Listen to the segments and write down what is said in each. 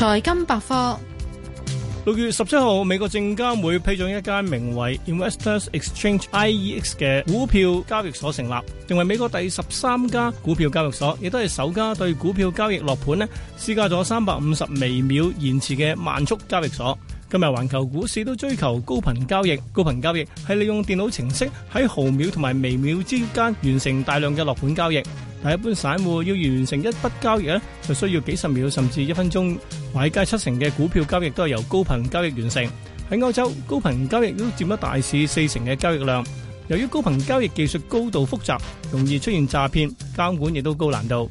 財金百科，六月十七號，美國證監會批准一間名為 Investors Exchange（IEX） 嘅股票交易所成立，成為美國第十三家股票交易所，亦都係首家對股票交易落盤咧，施加咗三百五十微秒延遲嘅慢速交易所。今日環球股市都追求高頻交易。高頻交易係利用電腦程式喺毫秒同埋微秒之間完成大量嘅落盤交易。但一般散戶要完成一筆交易,就需要幾十秒甚至一分鐘。外界七成嘅股票交易都係由高頻交易完成。喺歐洲,高頻交易都佔咗大市四成的交易量。由於高頻交易技術高度複雜,容易出現詐騙,監管亦都高難度。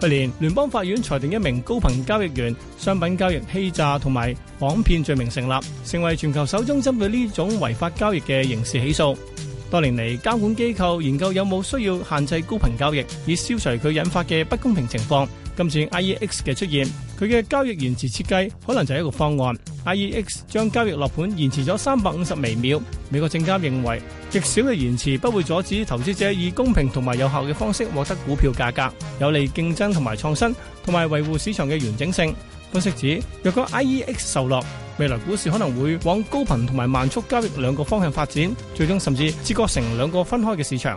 去年，聯邦法院裁定一名高頻交易員商品交易欺詐同埋幌騙罪名成立，成為全球首宗針對呢種違法交易嘅刑事起訴。多年嚟，監管機構研究有冇需要限制高頻交易，以消除佢引發嘅不公平情況。今次 IEX 嘅出現，佢嘅交易延遲設計可能就係一個方案。IEX 將交易落盤延遲咗三百五十微秒。美國證監認為極少嘅延遲不會阻止投資者以公平同埋有效嘅方式獲得股票價格，有利競爭同埋創新，同埋維護市場嘅完整性。分析指若果 IEX 受落，未來股市可能會往高頻同埋慢速交易兩個方向發展，最終甚至切割成兩個分開嘅市場。